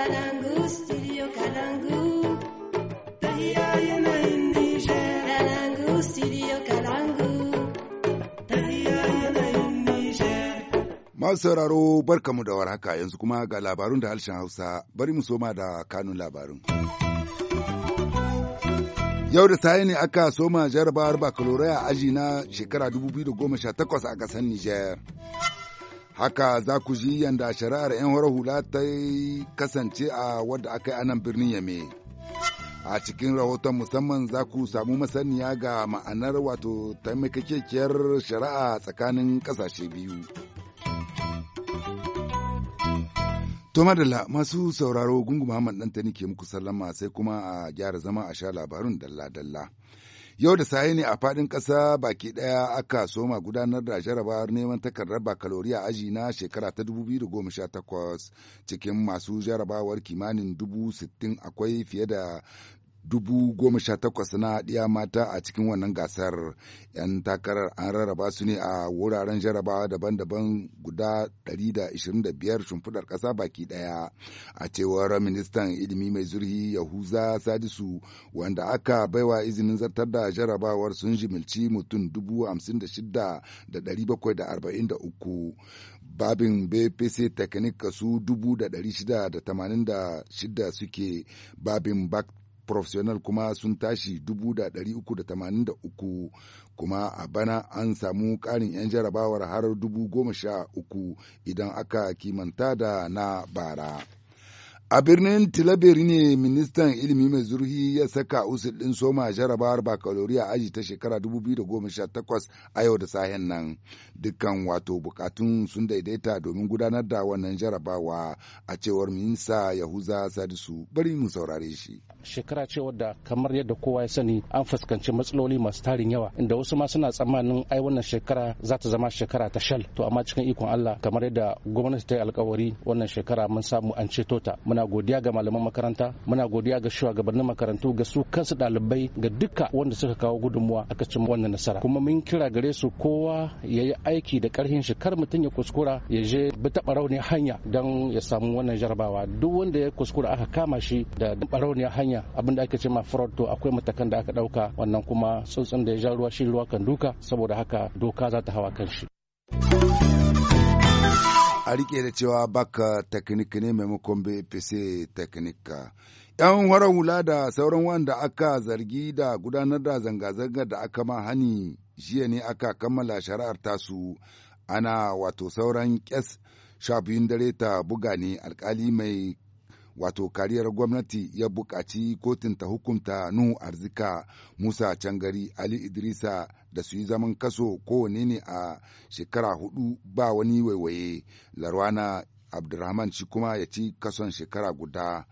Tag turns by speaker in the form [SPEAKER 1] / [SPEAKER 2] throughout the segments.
[SPEAKER 1] Kalangu,
[SPEAKER 2] Masu sauraro barkamu da warhaka yanzu kuma ga labarun da harshen Hausa bari mu soma da kanun labarun. Yau da saye ne aka soma jarabawar Bakaloraya aji na shekara 2018 a ƙasar Nijar. haka za ku ji yadda shari'ar 'yan horar hula ta kasance a wadda aka yi anan birnin yame a cikin rahoton musamman za ku samu masaniya ga ma'anar wato kekiyar shari'a tsakanin kasashe biyu to madalla masu sauraro gungu muhammad ɗanta ke muku sallama sai kuma a gyara zama a sha labarun dalla-dalla Yau da sahi ne a faɗin ƙasa baki ɗaya aka soma gudanar da jarabawar neman takardar bakaloriya aji na shekara ta 2018 cikin masu jarabawar kimanin dubu sittin akwai fiye da dubu goma sha takwas na ɗiya mata a cikin wannan gasar yan takarar an rarraba su ne a wuraren jarabawa daban-daban guda 125 shimfiɗar ƙasa baki ɗaya a cewar ministan ilimi mai zurhi yahuza sadisu wanda aka baiwa izinin zartar da jarabawar sun jimilci mutum dubu babin bpc technique kasu dubu da suke babin back professional kuma sun tashi 383 kuma a bana an samu ƙarin 'yan jarabawar har 13 idan aka kimanta da na bara. A birnin Tilaberi ne ministan ilimi mai zurhi ya saka usul ɗin soma jarabawar bakalori a aji ta shekara 2018 a yau da sahen nan. Dukkan wato bukatun sun daidaita domin gudanar da wannan jarabawa a cewar minista Yahuza Sadisu bari mu saurare shi. Shekara ce wadda
[SPEAKER 3] kamar yadda kowa ya sani an fuskanci matsaloli masu tarin yawa inda wasu ma suna tsammanin ai wannan shekara za ta zama shekara ta shal to amma cikin ikon Allah kamar yadda gwamnati ta yi alkawari wannan shekara mun samu an ceto ta muna muna godiya ga malaman makaranta muna godiya ga shugabannin makarantu ga su kansu dalibai ga duka wanda suka kawo gudunmuwa aka cin wannan nasara kuma mun kira gare su kowa ya yi aiki da karhin shi kar mutum ya kuskura ya je bi ta rauni hanya don ya samu wannan jarabawa duk wanda ya kuskura aka kama shi da barauniya hanya abin da ake ce ma fraud to akwai matakan da aka ɗauka wannan kuma tsuntsun da ya ja ruwa shi ruwa kan duka saboda haka doka
[SPEAKER 2] za ta hawa kan shi a rike da cewa baka teknik ne maimakon bpc teknik yan horon hula da sauran wanda aka zargi da gudanar da zanga-zangar da aka ma hani jiya ne aka kammala shari'ar tasu ana wato sauran kes sha biyun dare ta buga ne alkali mai wato kariyar gwamnati ya bukaci kotun ta hukunta Nuhu Arzika, Musa Cangari, Ali Idrisa da su yi zaman kaso kowane ne a shekara hudu ba wani waiwaye. Larwana Abdurrahman shi kuma ya ci kason shekara guda.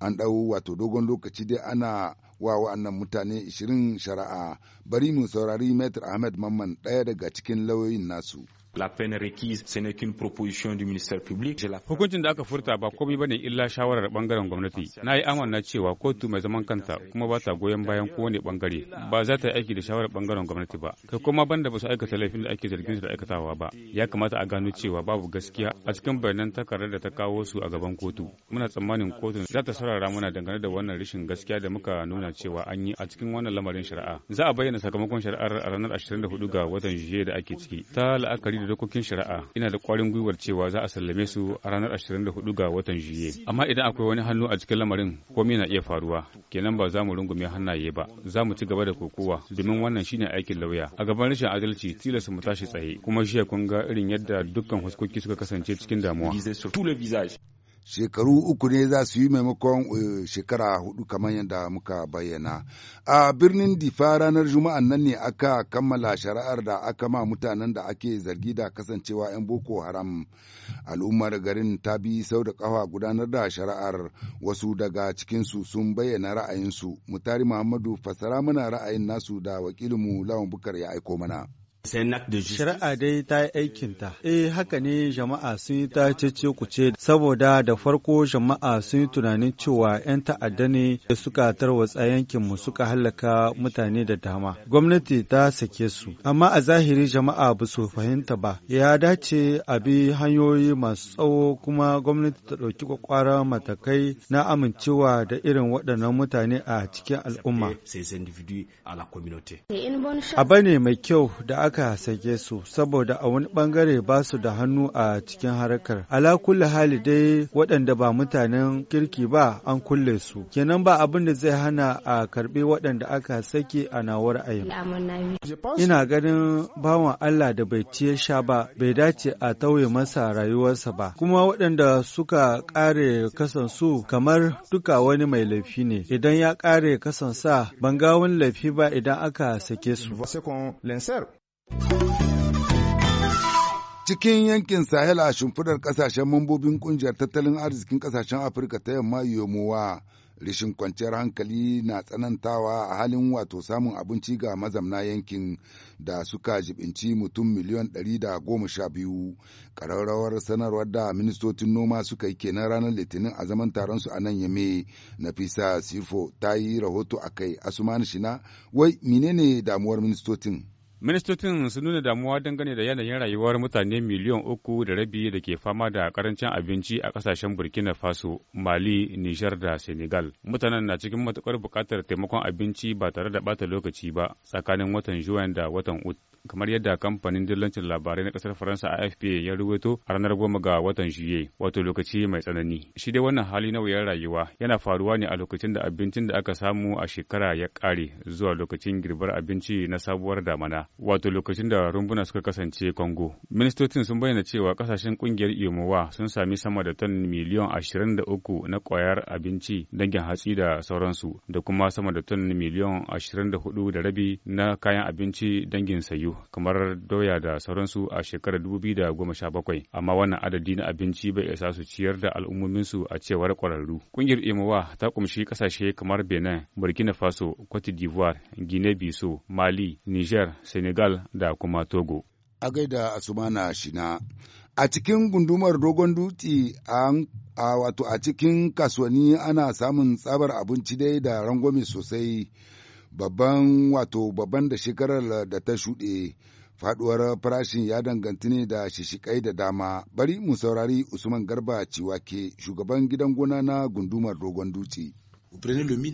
[SPEAKER 2] An ɗau wato dogon lokaci dai ana wa wa'annan mutane 20 shari'a bari mu saurari Maitre Ahmed Mamman ɗaya daga cikin lauyoyin nasu. La peine requise ce n'est qu'une proposition du ministère public.
[SPEAKER 4] Hukuncin da aka furta ba komai bane illa shawarar bangaren gwamnati. Na yi amana cewa kotu mai zaman kanta kuma ba ta goyon bayan kowane bangare ba za ta yi aiki da shawarar bangaren gwamnati ba. Kai kuma banda ba su aikata laifin da ake zargin su da aikatawa ba. Ya kamata a gano cewa babu gaskiya a cikin bayanan takardar da ta kawo su a gaban kotu. Muna tsammanin kotun za ta saurara muna dangane da wannan rashin gaskiya da muka nuna cewa an yi a cikin wannan lamarin shari'a. Za a bayyana sakamakon shari'ar a ranar 24 ga watan Juye da ake ciki. Ta la'akari da dokokin shari'a ina da kwarin gwiwar cewa za a sallame su a ranar 24 ga watan juye amma idan akwai wani hannu a cikin lamarin komai na iya faruwa kenan ba za mu rungume hannaye ba za mu ci gaba da kokowa domin wannan shine aikin lauya a gaban rashin adalci tilasta mu tashi tsaye kuma shi kun ga irin yadda dukkan huskoki suka kasance cikin damuwa
[SPEAKER 2] shekaru uku ne za su yi maimakon eh, shekara hudu kamar yadda muka bayyana a birnin difa ranar juma'a nan ne aka kammala shari'ar da aka ma mutanen da ake zargi da kasancewa 'yan boko haram al'ummar garin ta bi sau da kafa gudanar da shari'ar wasu daga cikinsu sun bayyana ra'ayinsu mutari muhammadu fasara mana ra'ayin nasu da wakilinmu lawan bukar ya aiko mana.
[SPEAKER 3] Shari'a dai ta yi aikinta. Eh haka ne jama'a sun yi ta cece kuce saboda da farko jama'a sun yi tunanin cewa 'yan ta'adda ne da suka tarwatsa mu suka hallaka mutane da dama. Gwamnati ta sake su. Amma a zahiri jama'a ba su fahimta ba. Ya dace a bi hanyoyi masu tsawo kuma gwamnati ta ɗauki kwakwara matakai na amincewa da irin waɗannan mutane a cikin al'umma. A ne mai kyau da aka aka sake su saboda a wani bangare ba su da hannu a cikin harkar. Ala kulle hali dai waɗanda ba mutanen kirki ba an kulle su. Kenan ba abin da zai hana a karɓi waɗanda aka sake a nawar ayin. Ina ganin bawan Allah da bai ciye sha ba bai dace a tauye masa rayuwarsa ba. Kuma waɗanda suka ƙare su kamar duka wani mai laifi ne. Idan ya ƙare kasansa ban ga wani laifi ba idan aka sake su.
[SPEAKER 2] cikin yankin sahel a shimfidar kasashen mambobin kungiyar tattalin arzikin kasashen afirka ta yamma yomowa rishin kwanciyar hankali na tsanantawa a halin wato samun abinci ga mazamna yankin da suka jibinci mutum miliyan biyu. ƙararrawar sanarwar da ministocin noma suka yi kenan ranar litinin a zaman taron su a nan yame nafisa sifo ta yi rahoto a kai asuman shina wai menene damuwar ministocin
[SPEAKER 4] Ministocin sun nuna damuwa dangane da yanayin rayuwar mutane miliyan uku da rabi da ke fama da karancin abinci a kasashen Burkina Faso, Mali, Nijar da Senegal. Mutanen na cikin matukar bukatar taimakon abinci ba tare da bata lokaci ba tsakanin watan Juwan da watan Ut. kamar yadda kamfanin dillancin labarai na kasar Faransa a AFP ya ruwaito a ranar goma ga watan Juye, wato lokaci mai tsanani. Shi dai wannan hali na wuyar rayuwa yana faruwa ne a lokacin da abincin da aka samu a shekara ya ƙare zuwa lokacin girbar abinci na sabuwar damana, wato lokacin da rumbuna suka kasance Kongo. Ministocin sun bayyana cewa kasashen kungiyar Imowa sun sami sama da tan miliyan 23 na kwayar abinci dangin hatsi da sauransu da kuma sama da tan miliyan 24 da rabi na kayan abinci dangin sayu. kamar doya da sauransu a shekarar 2017 amma wannan adadi na abinci bai isa su ciyar da al'ummominsu a cewar kwararru Ƙungiyar Imowa ta kumshi ƙasashe kamar Benin, Burkina Faso, Cote d'Ivoire, Guinea-Bissau, Mali, Niger, Senegal da kuma Togo.
[SPEAKER 2] A gaida Asumana Shina. A cikin gundumar dogon dutse a wato a cikin kasuwanni ana samun tsabar abinci dai da rangwame sosai babban wato babban da shekarar da ta shuɗe faduwar farashin ya danganta ne da shishikai da dama bari mu saurari usman garba ciwake shugaban gidan gona na gundumar dogon dutse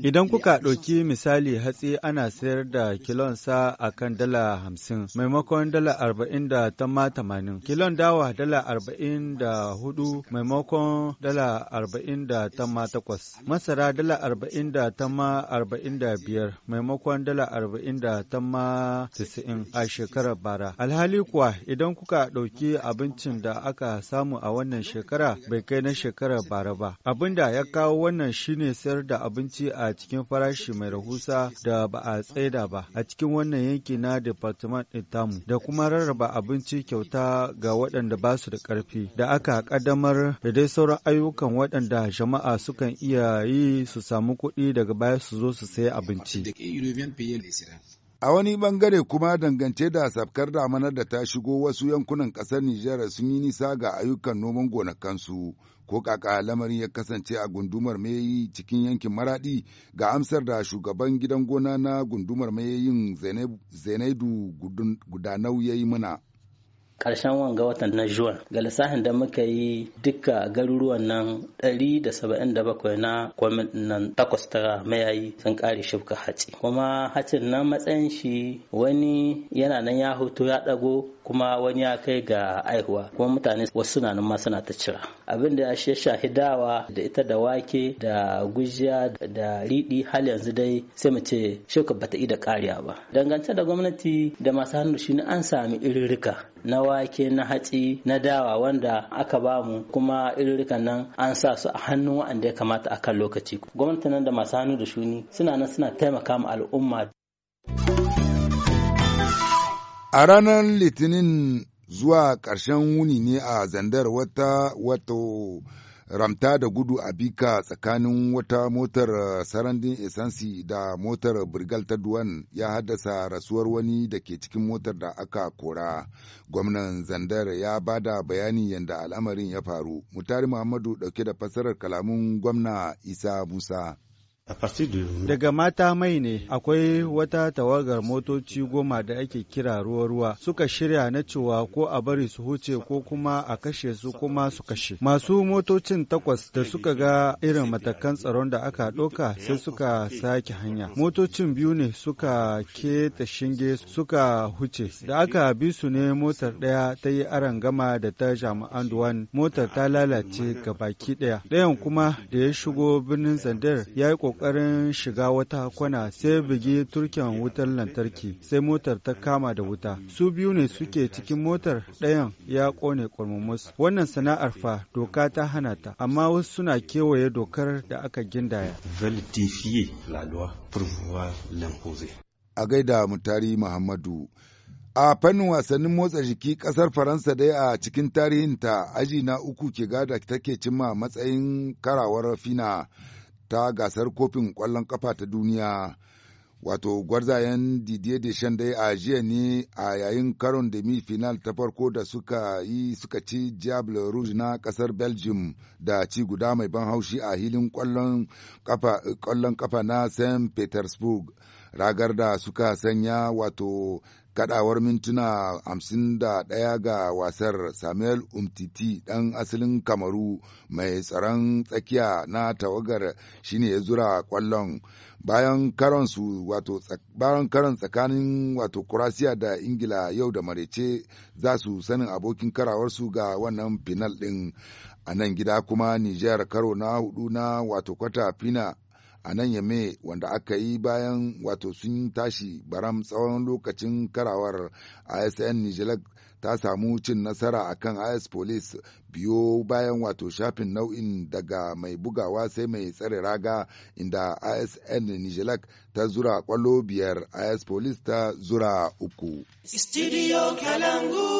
[SPEAKER 3] Idan kuka ɗauki misali hatsi ana sayar da kilonsa a kan dala hamsin maimakon dala arba'in da tamma tamanin. Kilon dawa dala arba'in da hudu maimakon dala arba'in da tamma takwas. Masara dala arba'in da tamma arba'in da biyar maimakon dala arba'in da tamma tisa'in a shekarar bara. Alhali kuwa idan kuka ɗauki abincin da aka samu a wannan shekara bai kai na shekarar bara ba. Abin da ya kawo wannan shine sayar da abinci a cikin farashi mai rahusa da ba a tsaida ba a cikin wannan yanki na department ɗin tamu da kuma rarraba abinci kyauta ga waɗanda ba su da ƙarfi da aka ƙaddamar da dai sauran ayyukan waɗanda jama'a sukan iya yi su samu kuɗi daga baya su zo su sayi abinci.
[SPEAKER 2] A wani bangare kuma dangance da safkar damanar da ta shigo wasu yankunan ƙasar Nijar sun yi nisa ga ayyukan noman gonakansu ko kaka lamarin ya kasance a gundumar mayayi cikin yankin maradi ga amsar da shugaban gidan gona na gundumar mayayin Zainaidu Gudanau ya yi mana.
[SPEAKER 1] karshen wanga watan na juwan ga lissafin da muka yi duka garuruwan nan 177 na kwamin nan takwas ta mayayi sun kare shifka hatsi kuma hatsin na matsayin shi wani yana nan ya hoto ya dago kuma wani ya kai ga aihuwa kuma mutane wasu na nan ma suna ta cira abin da ya shahidawa dawa da ita da wake da gujiya da riɗi hal yanzu dai sai mu ce shuka bata yi da kariya ba dangance da gwamnati da masu hannu shi an sami irirrika na wake na hatsi na dawa wanda aka bamu kuma irirrikan nan an sa su a hannun wa'anda ya kamata a kan lokaci gwamnati nan da masu hannu da shuni suna nan suna taimaka ma al'umma A ranar
[SPEAKER 2] Litinin zuwa ƙarshen wuni ne a zandar wata wato ramta da gudu a bika tsakanin wata motar sarandin esansi da motar birgal ta duwan ya haddasa rasuwar wani da ke cikin motar da aka kora. Gwamnan zandar ya bada bayani yadda al'amarin ya faru. Mutari Muhammadu ɗauke da fassarar kalamun gwamna Isa Musa.
[SPEAKER 3] Daga mata mai ne akwai wata tawagar motoci goma da ake kira ruwa-ruwa suka shirya na cewa ko a bari su huce ko kuma a kashe su kuma su kashe. Masu motocin takwas da suka ga irin matakan tsaron da aka ɗauka sai suka sake hanya. Motocin biyu ne suka ke ta shinge suka huce. Da aka bi su ne motar ɗaya ta yi aron gama da ta jami'an duwan motar ta lalace ga baki ɗaya. Ɗayan kuma da ya shigo birnin Zandar ya yi ƙoƙarin shiga wata kwana sai bugi turken wutar lantarki sai motar ta kama da wuta. Su biyu ne suke cikin motar ɗayan ya ƙone ƙwarmamus. Wannan sana'ar fa doka ta hana ta, amma
[SPEAKER 2] wasu suna kewaye dokar da aka gindaya. A gaida mutari Muhammadu. a fannin wasannin motsa jiki kasar faransa dai a cikin tarihinta aji na uku ke gada take cimma matsayin karawar fina ta gasar kofin ƙwallon ƙafa ta duniya. Wato gwarzayen Didier Deschamps dai a jiya ne a yayin karon demi final ta farko da suka yi suka ci Diable Rouge na kasar Belgium da ci guda mai ban haushi a hilin ƙwallon ƙafa na St. Petersburg. ragar da suka sanya wato kadawar mintuna da ɗaya ga wasar samuel umtiti ɗan asalin kamaru mai tsaron tsakiya na tawagar shine ya zura kwallon bayan su wato bayan karon tsakanin wato kurasiya da ingila yau da marece za su sanin abokin karawarsu ga wannan final ɗin a nan gida kuma niger karo na hudu na wato kwata fina a nan yame wanda aka yi bayan wato sun tashi baram tsawon lokacin karawar ISN Nijelak ta samu cin nasara a kan IS Police biyo bayan wato shafin nau'in daga mai bugawa sai mai tsare raga inda ISN Nijelak ta zura kwallo biyar IS Police ta zura uku.
[SPEAKER 3] Studio Kalangu.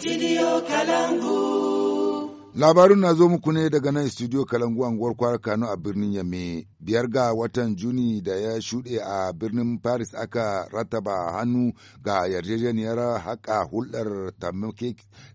[SPEAKER 3] Studio Kalangu.
[SPEAKER 2] Labarin na zo muku ne daga nan Studio Kalangu anguwar kwara Kano a birnin Yame. Biyar ga watan Juni da ya shuɗe a birnin Paris aka rataba hannu ga yarjejeniyar haƙa hulɗar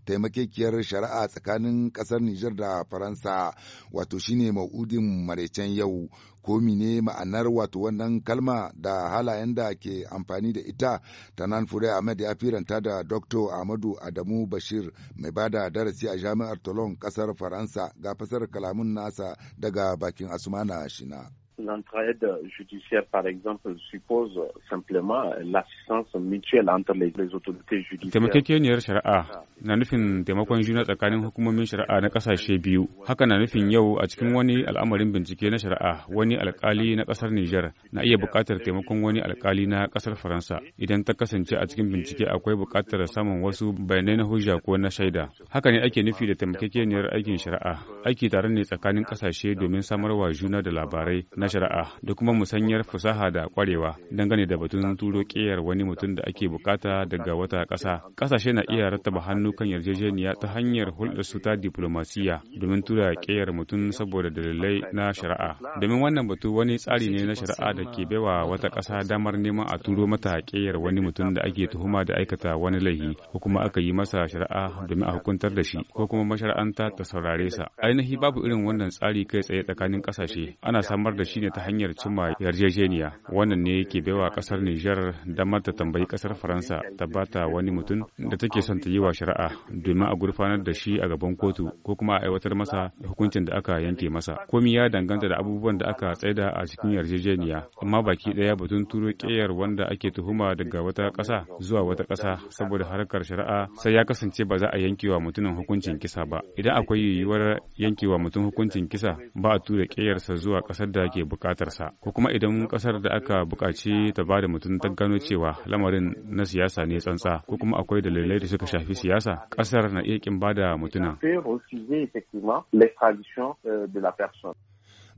[SPEAKER 2] taimakekiyar shari'a tsakanin ƙasar Nijar da Faransa, wato shine ma'udin maraicen yau. ko mine ma'anar wato wannan kalma da halayen da ke amfani da ita nan fure ahmed ya firanta da dr ahmadu adamu bashir mai bada darasi a jami'ar tolon kasar faransa ga fasar kalamun nasa daga bakin asumana shina
[SPEAKER 4] L'entraide judiciaire, par exemple, suppose simplement l'assistance mutuelle entre les, autorités judiciaires. Taimakekeniyar shari'a ah. na nufin taimakon juna tsakanin hukumomin shari'a na kasashe biyu. Haka na nufin yau a cikin wani al'amarin bincike na shari'a wani alkali na kasar Nijar na iya buƙatar taimakon wani alkali na kasar Faransa idan ta kasance a cikin bincike akwai buƙatar samun wasu bayanai na hujja ko na shaida. Haka ne ake nufi da taimakekeniyar aikin shari'a. Aiki tare ne tsakanin kasashe domin samarwa juna da labarai na shari'a da kuma musanyar fasaha da kwarewa dangane da batun turo ƙeyar wani mutum da ake bukata daga wata ƙasa. Ƙasashe na iya rattaba hannu kan yarjejeniya ta hanyar hulɗar su ta diplomasiya domin tura ƙeyar mutum saboda dalilai na shari'a. Domin wannan batu wani tsari ne na shari'a da ke baiwa wata ƙasa damar neman a turo mata ƙeyar wani mutum da ake tuhuma da aikata wani laifi ko kuma aka yi masa shari'a domin a hukuntar da shi ko kuma mashara'anta ta saurare sa. Ainihi babu irin wannan tsari kai tsaye tsakanin ƙasashe. Ana samar da shi shine ta hanyar cimma yarjejeniya wannan ne yake baiwa kasar Nijar damar ta tambayi kasar Faransa ta bata wani mutum da take son ta yi wa shari'a domin a gurfanar da shi a gaban kotu ko kuma a aiwatar masa hukuncin da aka yanke masa komi ya danganta da abubuwan da aka tsaida a cikin yarjejeniya amma baki daya batun turo kiyar wanda ake tuhuma daga wata ƙasa zuwa wata ƙasa saboda harkar shari'a sai ya kasance ba za a yankewa mutumin hukuncin kisa ba idan akwai yiwuwar yankewa mutum hukuncin kisa ba a tura kiyarsa zuwa kasar da ke bukatarsa ko kuma idan kasar da aka bukaci ta ba da mutum ta gano cewa lamarin na siyasa ne tsantsa ko kuma akwai dalilai da suka shafi siyasa kasar na iya kin ba da
[SPEAKER 2] mutuna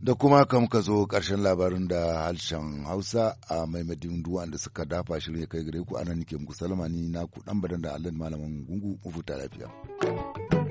[SPEAKER 2] da kuma kam ka zo ƙarshen labarin da harshen hausa a maimadin duwan da suka dafa shirin ya kai gare ku anan nike muku salama ni na ku dan badan da allan malamin gungu mu lafiya